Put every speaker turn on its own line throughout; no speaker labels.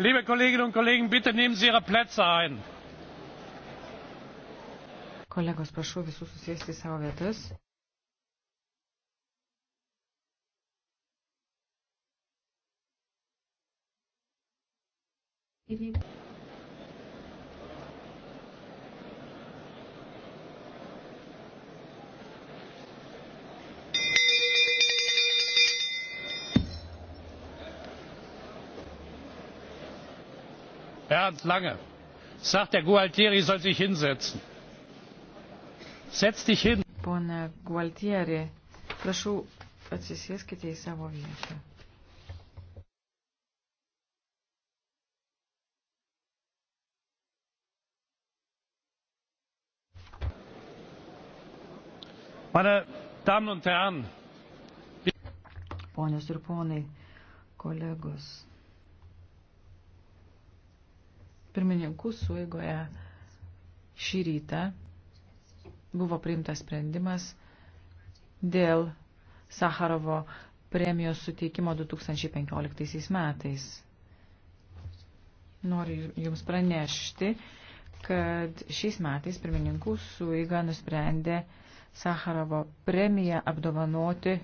liebe kolleginnen und kollegen bitte nehmen sie ihre plätze ein! kolegos prašau visų susėsti į savo vietas. Įvyko. bernd lange sagt der gualtieri soll sich hinsetzen. setz dich hin! pone gualtieri prašau atsisėskite į savo vietą. Meine Damen und Herren, Ponios ir ponai, kolegos pirmininkų suėgoje šį rytą buvo priimtas sprendimas dėl Sakarovo premijos suteikimo 2015 metais. Noriu Jums pranešti, kad šiais metais pirmininkų suiga nusprendė Sakarovo premiją apdovanoti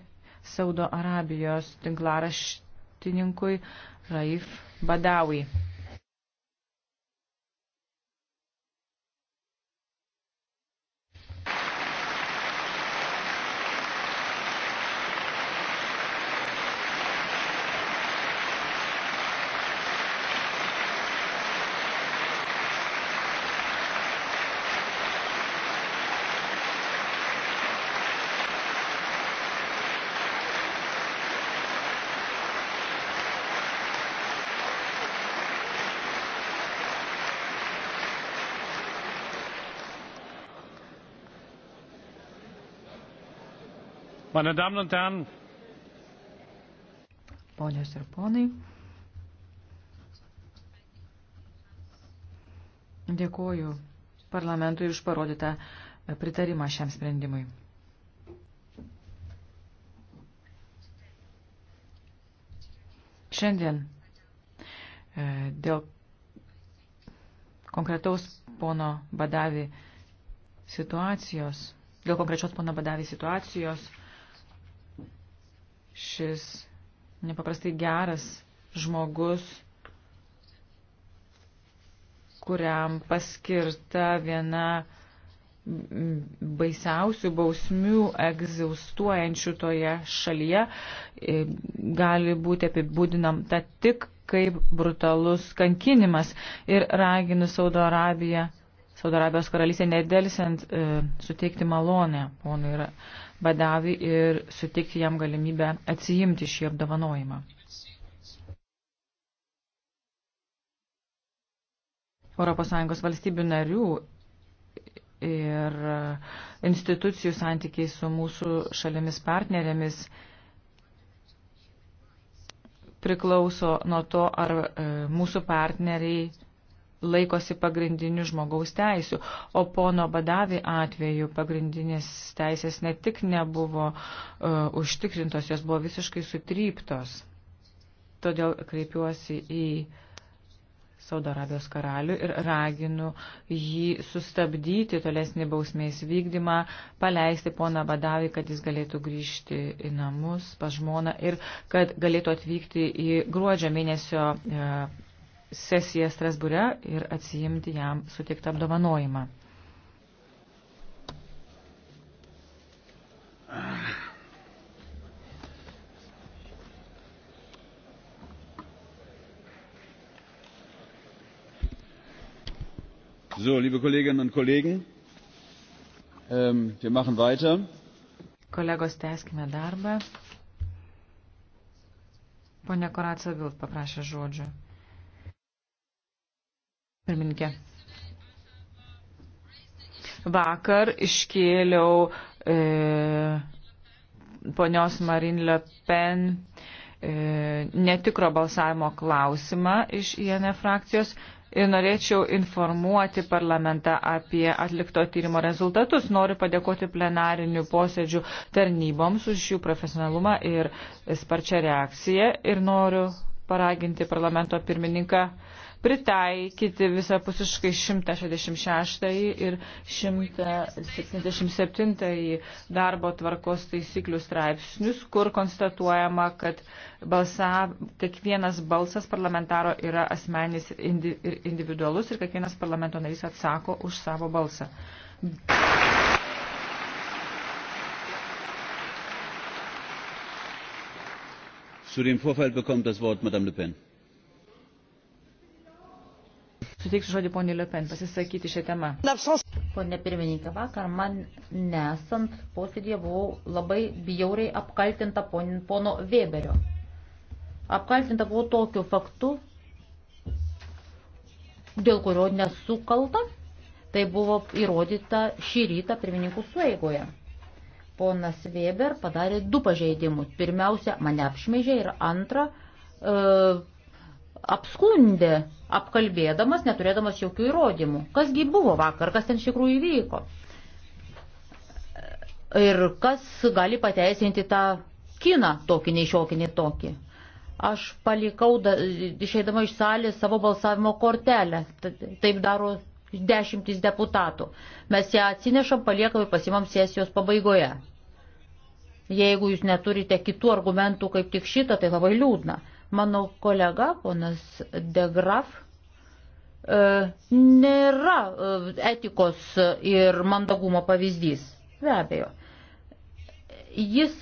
Saudo Arabijos tinklaraštininkui Raif Badawi. Meine Damen und Herren, Ponios ir ponai, dėkoju parlamentui už parodytą pritarimą šiam sprendimui. Šiandien e, dėl konkretaus pono Badavi situacijos, dėl konkrečios pono Badavi situacijos šis nepaprastai geras žmogus, kuriam paskirta viena baisiausių bausmių egzistuojančių toje šalyje, e, gali būti apibūdinamta tik kaip brutalus kankinimas ir raginu Saudo Arabiją Saudo Arabijos karalystė nedelsiant e, suteikti malonę ponui Badavi ir suteikti jam galimybę atsijimti šį apdovanojimą. ES valstybių narių ir institucijų santykiai su mūsų šalimis partnerėmis priklauso nuo to, ar e, mūsų partneriai laikosi pagrindinių žmogaus teisių, o pono badavi atveju pagrindinės teisės ne tik nebuvo uh, užtikrintos, jos buvo visiškai sutryptos. Todėl kreipiuosi į Saudo Arabijos karalių ir raginu jį sustabdyti tolesnį bausmės vykdymą, paleisti poną Badavį, kad jis galėtų grįžti į namus pas žmoną ir kad galėtų atvykti į gruodžio mėnesio e, sesiją Strasbūre ir atsijimti jam sutiktą apdovanojimą.
So, liebe Kolleginnen und Kollegen, ähm, wir machen weiter.
Kolegos, tęskime darbą. Pone Koracija Vilt paprašė žodžio. Pirmininkė. Vakar iškėliau e, ponios Marin Le Pen e, netikro balsavimo klausimą iš INE frakcijos ir norėčiau informuoti parlamentą apie atlikto tyrimo rezultatus. Noriu padėkoti plenarinių posėdžių tarnyboms už jų profesionalumą ir sparčią reakciją ir noriu paraginti parlamento pirmininką pritaikyti visapusiškai 166 ir 177 darbo tvarkos taisyklių straipsnius, kur konstatuojama, kad balsa, kiekvienas balsas parlamentaro yra asmenis indi, ir individualus ir kiekvienas parlamento narys atsako už savo balsą.
Zu dem Vorfall bekommt das Wort Madame Le Pen.
Suteiksiu žodį poniai Lepen pasisakyti šią temą.
Pone pirmininkė, vakar man nesant posėdėje buvau labai bjauriai apkaltinta pono Weberio. Apkaltinta buvau tokiu faktu, dėl kurio nesukalta. Tai buvo įrodyta šį rytą pirmininkų sueigoje. Ponas Weber padarė du pažeidimus. Pirmiausia, mane apšmeižė ir antra, e, apskundė, apkalbėdamas, neturėdamas jokių įrodymų. Kasgi buvo vakar, kas ten iš tikrųjų įvyko. Ir kas gali pateisinti tą kiną tokį, neišiokinį tokį. Aš palikau, da, išeidama iš salės, savo balsavimo kortelę. Taip daro dešimtis deputatų. Mes ją atsinešam, paliekam ir pasimam sesijos pabaigoje. Jeigu jūs neturite kitų argumentų kaip tik šitą, tai labai liūdna. Mano kolega, ponas Degraf, e, nėra e, etikos ir mandagumo pavyzdys. Be abejo. Jis,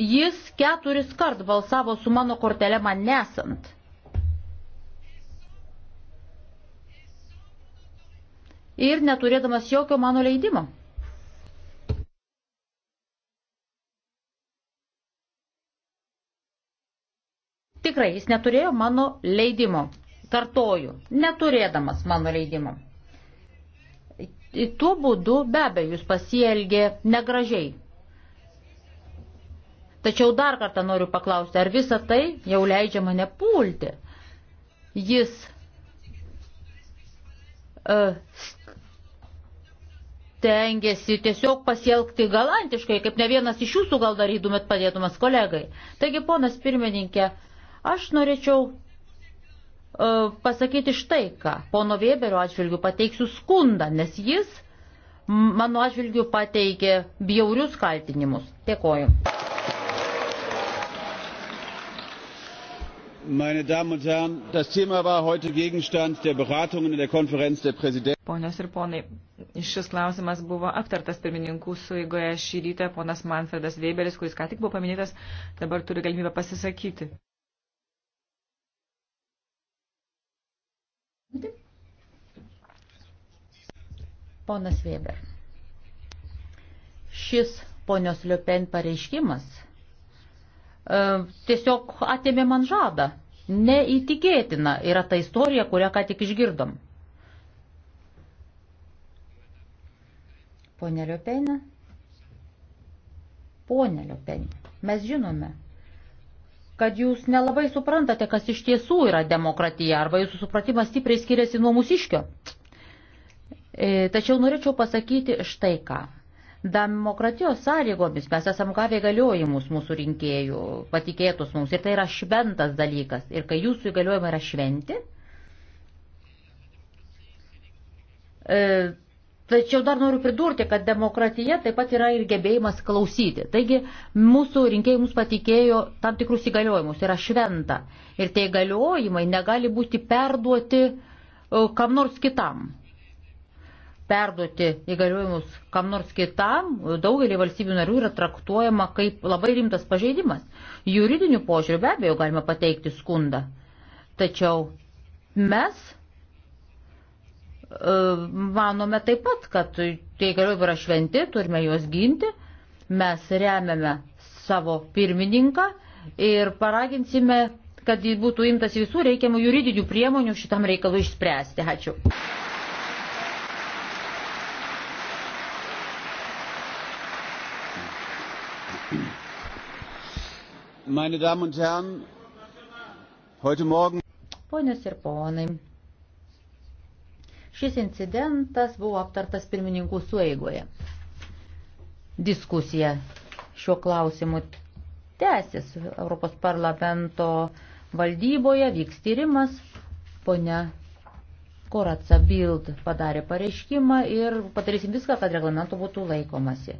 jis keturis kart balsavo su mano kortelė man nesant. ir neturėdamas jokio mano leidimo. Tikrai, jis neturėjo mano leidimo. Kartoju, neturėdamas mano leidimo. Į tuo būdu be abejo jūs pasielgė negražiai. Tačiau dar kartą noriu paklausti, ar visa tai jau leidžia mane pulti? Jis uh, stengiasi tiesiog pasielgti galantiškai, kaip ne vienas iš jūsų gal darytumėt padėtumas kolegai. Taigi, ponas pirmininkė, uh, Aš norėčiau e, pasakyti štai ką. Pono Weberio atžvilgių pateiksiu skundą, nes jis mano atžvilgių pateikė bjaurius kaltinimus. Dėkoju. Meine Damen und Herren, das Thema war heute Gegenstand der Beratungen in der Konferenz der Präsidenten.
Ponios ir ponai, šis klausimas buvo aptartas pirmininkų suigoje šį rytą. Ponas Manfredas Weberis, kuris ką tik buvo paminėtas, dabar turi galimybę pasisakyti.
Ponas Weber. Šis ponios Liupen pareiškimas e, tiesiog atėmė man žadą. Neįtikėtina yra ta istorija, kurią ką tik išgirdom. Pone Liupenė. Pone Liupenė. Mes žinome, kad jūs nelabai suprantate, kas iš tiesų yra demokratija, arba jūsų supratimas stipriai skiriasi nuo mūsiškio. E, tačiau norėčiau pasakyti štai ką. Demokratijos sąlygomis mes esam gavę įgaliojimus mūsų rinkėjų, patikėtus mums, ir tai yra šventas dalykas. Ir kai jūsų įgaliojimai yra šventi, e, Tačiau dar noriu pridurti, kad demokratija taip pat yra ir gebėjimas klausyti. Taigi mūsų rinkėjai mums patikėjo tam tikrus įgaliojimus, yra šventa. Ir tie įgaliojimai negali būti perduoti e, kam nors kitam perduoti įgaliojimus kam nors kitam, daugelį valstybių narių yra traktuojama kaip labai rimtas pažeidimas. Juridiniu požiūriu be abejo galima pateikti skundą. Tačiau mes e, manome taip pat, kad tie įgaliojimai yra šventi, turime juos ginti, mes remiame savo pirmininką ir paraginsime, kad būtų imtas visų reikiamų juridinių priemonių šitam reikalui išspręsti. Ačiū. meine Damen und Herren, heute Morgen. Ponios ir ponai, šis incidentas buvo aptartas pirmininkų sueigoje. Diskusija šiuo klausimu tęsis Europos parlamento valdyboje, vyks tyrimas. Pone Koratsa Bild padarė pareiškimą ir padarysim viską, kad reglamento būtų laikomasi.